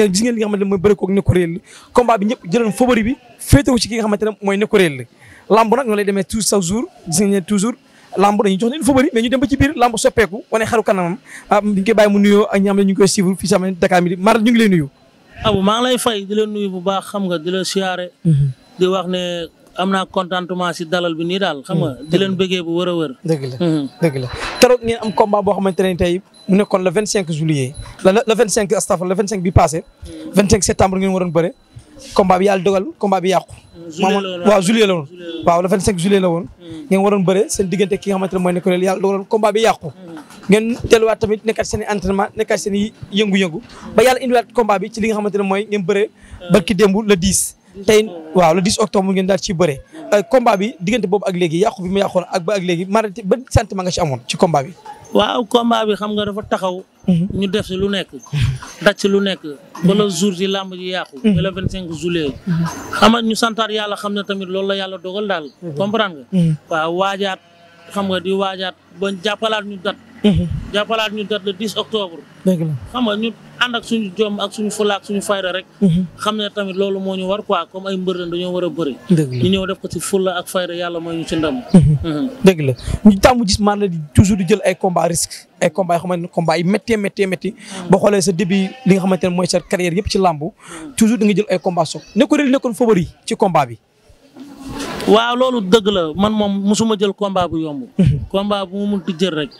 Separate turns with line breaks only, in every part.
te gis ngeen li nga xamante ne mooy bëri koog Nicoréel la combat bi ñëpp jëloon favori bi féetewu ci ki nga xamante ne mooy Nicoréel la lamb nag noonu lay demee toujours chaque jour gis ngeen toujours lamb dañuy jox leen favori mais ñu dem ba ci soppeeku wane xaru kanamam ah ñu mu nuyoo ak ñi xam ñu ngi koy suivre fii sama Dakar ñu ngi lay nuyu.
abu maa ngi fay di nuyu bu baax xam nga di siyaare. Mhm. am dalal bi nii daal. xam nga mm. di leen bëggee bu mm-hmm.
am combat boo tey mu nekkoon le la le 25 astafur le 25 bi passé. 25 septembre ngeen bi yàlla dogal combat bi yàqu. juillet mm. waroon bëre seen diggante ki nga xamante ne ne ko yàlla dogaloon combat bi yàqu. Mm. ngeen indiwaat combat bi nga xamante ne mooy ngeen barki démb le 10 tey waaw le 10 octobre mu ngeen daal ci bëre mm. euh, combat bi diggante
boobu ak léegi yàqu bi ma yàqoon ak ba ak léegi marati ba sentiment nga ci amoon ci combat bi waaw combat bi xam nga dafa taxaw mm-hmm. ñu def si lu nekk daj si lu nekk mm-hmm. ba la jour si làmb ji yàqu mm-hmm. ba le vingt cinq juillet xam nga ñu santaat yàlla xam ne tamit loolu la yàlla dogal daal comprendre nga waaw waajaat xam nga di waajaat ba jàppalaat ñu dat Mhm. jàppalaat ñu date le 10 octobre. dëgg la xam nga ñu ànd ak suñu jom ak suñu fulla ak suñu fayda rek. Mhm. xam ne tamit loolu moo ñu war quoi comme ay mbër dañoo war a bëri. ñu ñëw def ko ci fulla ak fayda yàlla mooy ñu ci ndam. Mhm. dëgg la ñu tàmm gis man la di toujours di jël ay combat risque ay combat
yoo xamante ne combat yi méttee méttee métti. boo xoolee sa début li nga xamante ne mooy sa carrière yëpp ci làmb. toujours di nga jël ay combat soog nekkoon rek nekkoon favori ci combat bi.
waaw loolu dëgg la man moom musuma jël combat bu yomb. combat bu mu munti jël rek.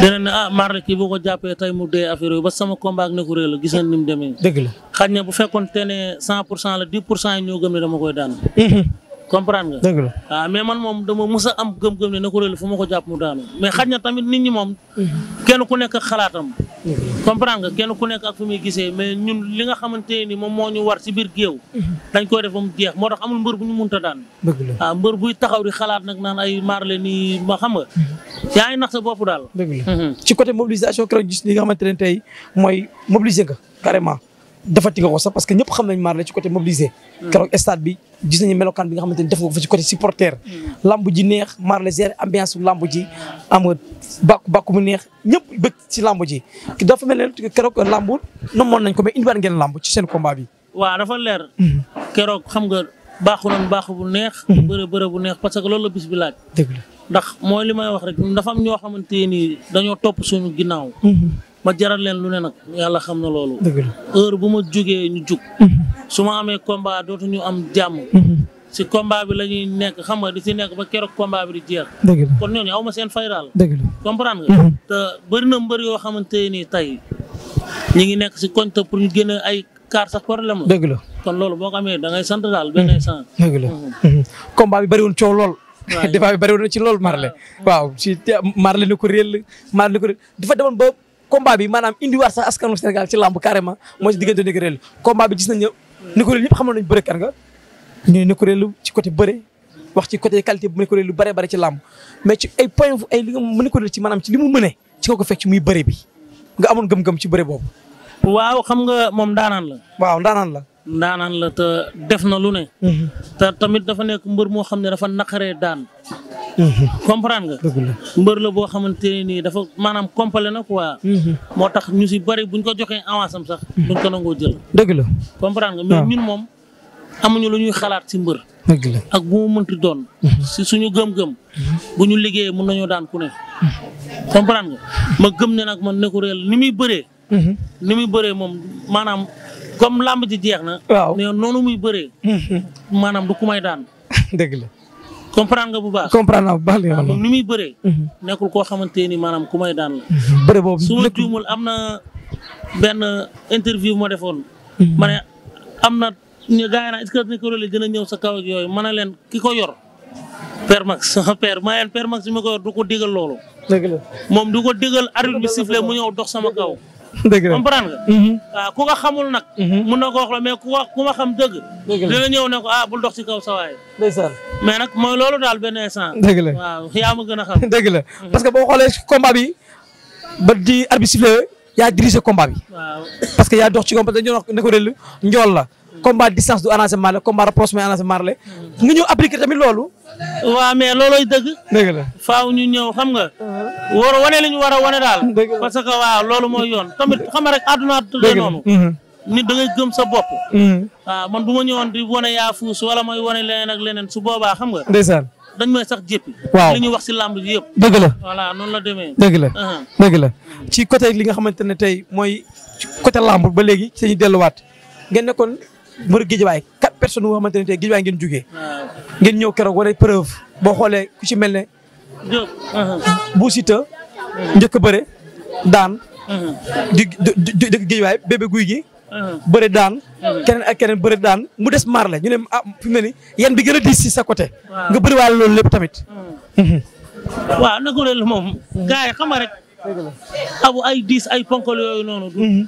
dina ne ah maar kii ko jàppe tey mu dee affaire yooyu ba sama combat ak Nékou Réé gis na ni mu demee. dëgg la xaj na bu fekkoon te ne 100 pour cent la 10 pour cent yi ñoo gëm ne dama koy daan. Mhm. comprendre nga. dëgg la waaw ah, mais man moom dama mës a am gëm-gëm ne Nékou Réé fu ma ko jàpp mu daanu mais xaj na tamit nit ñi moom. Mhm. kenn ku nekk xalaatam. comprendre nga kenn ku nekk a fi muy gisee mais ñun li nga xamante ni moom moo ñu war si biir géew dañ koy def ba mu jeex moo tax amul mbër bu ñu munta daan waaw mbër buy taxaw di xalaat nag naan ay marle nii ma xam nga yaa ngi nax sa bopp daal dëgg mhm. ci côté
mobilisation keroog gis li nga xamante ne tey mooy mobiliser nga carrément defati nga ko parce que ñëpp xam nañ Marley ci côté mobilisé. Hmm. keroog stade bi gis nañu melokaan bi nga xamante ni def nga ko fa ci côté supporter. Hmm. lamb ji neex Marley gérer ambiance bu lamb ji am nga bàkku neex ñëpp bëgg ci lamb ji dafa mel ne keroog lamb nommoon nañ ko mais indiwaat ngeen lamb ci seen combat bi.
waaw dafa leer. Hmm. keroog xam nga baaxu nañ baaxu bu neex. bërë bërë bu neex parce que loolu la bis bi laaj. dëgg ndax mooy li may wax rek dafa am ñoo xamante nii dañoo topp suñu ginnaaw. ma jaral leen lu ne nag yàlla xam na loolu. heure bu ma jugee ñu jug. Mhm. su ma amee combat dootuñu am jàmm. Mhm. si combat bi la ñuy nekk xam nga di si nekk ba keroog combat bi di jeex. dëgg la kon ma seen fay daal. dëgg la comprendre mhm. na mbër yoo xamante ni tey ñu nekk si koñ pour ñu génne ay kaar sax problème la. dëgg loolu boo ko amee da sant daal benn sant.
dëgg bi bëriwul coow lool. waaw débat bi bëriwul na ci lool Marley. waaw si Marley ni ko réel ba. combat bi maanaam indiwaat sax askanu Sénégal ci làmb carrément mooy si diggante Nicoréel combat bi gis nañ ne Nicoréel ñëpp xamoon nañ bëre kan ci côté bëre wax ci côté qualité bu Nicoréel lu bare bare ci làmb mais ci ay point ay li nga ci maanaam ci li mu mëne ci ko ko fekk ci muy
bëre bi nga amoon gëm-gëm ci bëre boobu waaw xam nga moom daanaan la waaw daanaan la daanaan la te def na lu ne mhm. te tamit dafa nekk mbër moo xam ne dafa naqaree daan comprendre nga. mbër la boo xamante ne nii dafa maanaam complet na quoi. Mhm. moo tax ñu si bëri bu ko joxee avance am sax. duñ ko nangoo jël. dëgg la comprendre nga ah. ñun moom amuñu lu ñuy xalaat si mbër. dëgg la ak bu mu mënti doon. Mhm. si suñu gëm-gëm. Mhm. bu ñu liggéeyee mën nañoo daan ku ne. comprendre nga ma gëm na nag man nekku réel ni muy bëree. ni muy bëree moom maanaam comme làmb ji jeex na. waaw mais noonu muy bëree. maanaam du daan. la. comprendre nga bu baax comprendre naa bu baax li nga xam ni muy bëree. Mhm. nekkul koo xamante ni maanaam ku may daan la. Mhm. bëre boobu su ma juumul am na benn interview ma defoon. Mhm. ma ne am na ñu gars yi naan dina ñëw sa kaw ak yooyu ma ne leen ki ko yor. permax sama père ma leen permax ma ko yor du ko digal loolu. dëgg moom du ko digal arbitre bi mu ñëw dox sama kaw. dëgg la comprendre mhm. ah, ku nga xamul nag. Mhm. mun na ko wax la mais ku wax ku ma xam dëgg. dëgg la ñëw ne ko ah, bul dox ci kaw sa waay. nag mooy loolu daal benn instant. dëgg la waaw yaa ma gën a xam. dëgg mhm.
parce que boo xoolee combat bi ba di arbitre sifflé yaa dirigé combat bi. waaw parce que yaa dox ci combat dañu ne ko dellu njool la. combat distance du arrangement la combat rapprochement arrangement la. nga ñëw appliqué tamit loolu. waaw
mais loolooy dëgg. faaw ñu ñëw xam nga. Uh-huh. war a wane li ñu war a wane daal. parce que waaw loolu mooy yoon tamit xam rek àdduna tëddee noonu. Mm-hmm. nit da ngay gëm sa bopp. Mm-hmm. waaw man bu ma ñëwoon di wane yaa fuus wala may wane leneen ak leneen su boobaa xam nga. ndeysaan dañ may sax jéppi. waaw li ñuy wax si làmb ji yëpp. dëgg la voilà noonu la demee. dëgg la uh-huh. dëgg
la ci côté li nga xamante ne tey mooy côté làmb ba léegi ci ñu delluwaat ngeen nekkoon mbër Guédiawaye quatre personnes yoo xamante ne tey Guédiawaye ngeen jógee. ngeen ñëw keroog wane preuve boo xoolee ku ci mel ne
Diop
bu Siteu njëkk bëre daan. di di di géejuwaay bébé guy gi. bëre daan. keneen ak keneen bëre daan mu des marle ñu ne ah fi mu yan bi gën a diis si sa côté. nga bëri waale loolu lépp tamit. Mm-hmm.
waaw nagu leen moom. gars yi rek. abu ay diis ay ponkol yooyu noonu. Mm-hmm.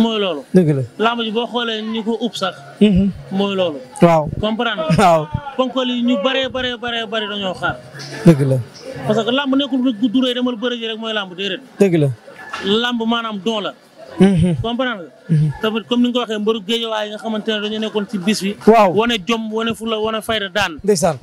mooy loolu. dëgg la làmb ji boo xoolee ñu ko ub sax. Mhm. mooy loolu. waaw comprendre nga. waaw ponkal yi ñu bëree bëree bëree bëri dañoo xaar. dëgg la parce que làmb nekkul rek gu duree demal bëri ji rek mooy lamb déedéet. dëgg la làmb maanaam don la. Mhm. comprendre nga. Mhm. tamit comme ni nga ko waxee mbaru géejawaay yi nga xamante ne dañoo nekkoon ci bis bi. waaw wane jom wane fula wane fayda daan. ndeysaan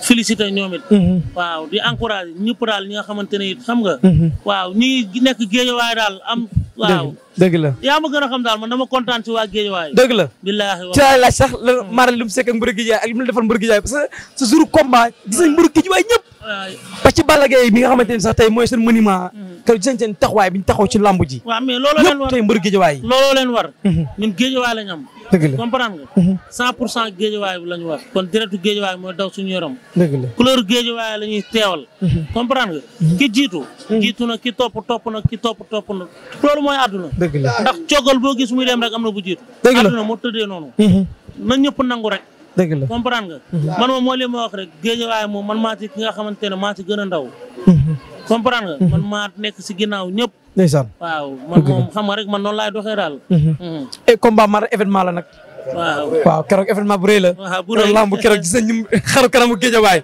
félicité ñoom it mhm. waaw di encouragé ñëpp daal ñi nga xamante ne it xam nga mhm. waaw ñi nekk géejawaay daal am waaw dëgg yaa ma gën a xam daal man dama kontaan ci waa géejawaay dëgg la billaahi ci laay laaj sax la maral lu mu sekk ak mburu géejawaay ak li mu defal mburu géejawaay parce que sa jour
combat gis nañ mburu ba ci Balla Gaye bi nga xamante ni sax tey mooy seen monument. kër
gis nañ seen taxawaay bi ñu taxaw ci làmb ji. waaw mais looloo leen war ñëpp tey mbër géejawaay yi. looloo leen war. Mhm. ñun géejawaay lañ am. dëgg la comprendre nga. 100 mhm. pour cent géejawaay bi lañ war. kon deretu géejawaay mooy daw suñu yaram. dëgg la couleur géejawaay la ñuy teewal. Mhm. comprendre nga. ki jiitu. jiitu na ki topp topp na ki topp topp na loolu mooy àdduna. dëgg la ndax coggal boo gis muy dem rek am na bu jiitu. dëgg la àdduna moo tëddee noonu. na ñëpp nangu rek. dëgg la comprendre nga. Mhm. man moom moo ma wax rek géejawaay moom man maa ki nga xamante ne maa ci gën a ndaw. Mhm. comprendre mhm. man maa nekk si ginnaaw ñëpp. ndeysaan waaw man moom xam nga rek man noonu laay doxee daal. et eh, la nag. waaw
waaw keroog événement bu rëy la. waaw bu rëy lamb keroog gis nañu xaru kanamu géejawaay.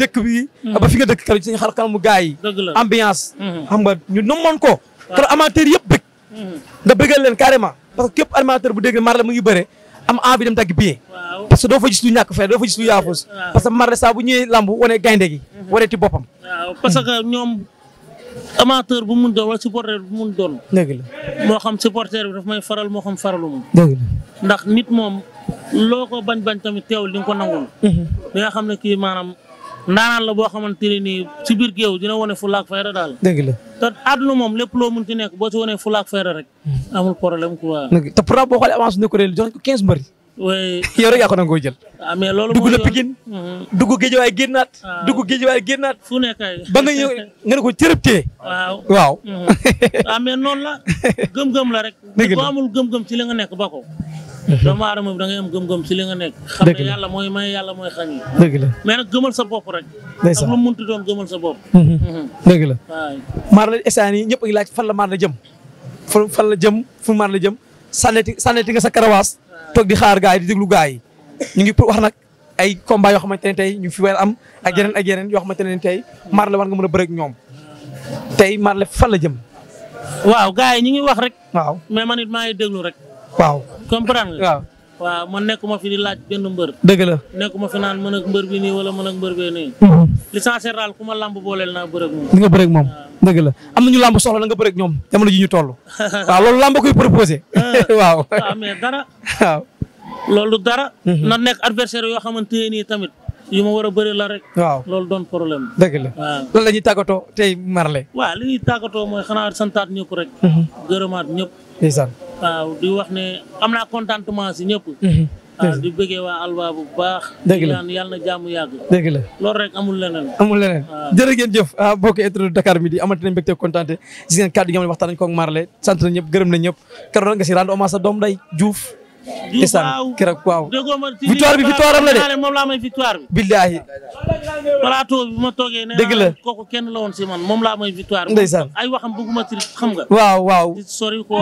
dëkk bi. ba fi nga dëkk keroog gis nañu xaru kanamu gaay yi. dëgg la ambiance. xam ñu nommoon ko. waaw keroog amateur yëpp bëgg. nga bëggal leen carrément parce que képp animateur bu dégg mar la mu ngi bëre. am envie dem dagg bien parce que doo fa gis lu ñàkk doo fa gis yaafus
parce que Marley saa bu ñëwee lamb wane gaynde gi mhm. wane ti boppam parce que ñoom amateur bu mun doon wala supporter bu mun doon dëgg moo xam supporter bi daf may faral moo xam faral mu dëgg ndax nit moom loo ko bañ-bañ tamit teew li nga ko nangul li mhm. nga xam ne kii maanaam ndaanaan la boo xamante ne nii si biir géew dina wane fulaak fayda daal. dëgg la te àdduna moom lépp loo mun ci nekk boo ci wane fulaak fayda rek. Hmm. amul problème quoi. dëgg te pourtant boo xoolee avance bi ne ko jox ko 15 mbër. oui yow rek yaa ko nangoo jël. ah mais loolu mooy hmm. dugg na Pikine. Ah. dugg géejewaay génnaat. waaw dugg fu nekk ay ba nga ñëw nga ne ko cërëbtee. waaw hmm. ah, noonu la gëm la rek. dëgg la amul gëm-gëm ci li nga nekk ba Mhm. doomu aadama bi da ngay am gëm-gëm si li nga nekk xam ne yàlla mooy may yàlla mooy xañ yi dëgg la mais nag sa bopp rek ak lu sa bopp mhm. Mhm. dëgg
la Marley instant yi ñëpp a ngi laaj fan la Marley jëm fan la jëm fu Marley jëm sànneti sànneti nga sa karawaas toog di xaar gaay di déglu gaay ñu ngi wax nag ay combat yoo xamante ne tey ñu fi weer am ak yeneen ak yeneen yoo xamante ne tey Marley war nga mën a bëreeg ñoom tey
Marley fan la jëm waaw gaay yi ñu ngi wax rek waaw mais man rek waaw comprendre nga. waaw waaw man nekkuma fi di laaj benn mbër. dëgg la nekkuma fi naan mën ak mbër bi nii wala mën ak mbër bee nii. Mhm. licencié daal ku ma làmb booleel naa bëreeg moom. di nga bëreeg
moom dëgg la am na ñu làmb soxla na nga bëreeg ñoom jamono ji ñu toll.
waaw loolu làmb koy proposé. Ah. waaw waaw ah, mais dara. waaw loolu dara. Mhm. na nekk adversaire yoo xamante tamit. yu ma war a la rek. waaw loolu doon problème dëgg la waaw loolu la ñuy tàggatoo tey Marley. waaw li ñuy tàggatoo mooy xanaa santaat ñëpp waaw di wax ne am naa contentement si ñëpp. ah di bëggee waa Alba bu baax. dëgg la yàlla na jàmm yàgg. dëgg la loolu rek amul leneen. amul leneen jërë ngeen
jëf ah bokk internet Dakar Midi amati nañ mbégte kontaante gis ngeen kàddu gi nga waxtaan nañ ko ak Marley sant na ñëpp gërëm na ñëpp keroog nga si rendre hommage sa doom day Diouf. isan keroog waaw
victoire bi victoire am la de moom laa may victoire bi ma toogee nee dëgg kooku kenn la woon man moom laa may victoire ndeysaan ay waxam bëgguma ci xam nga waaw waaw sori ko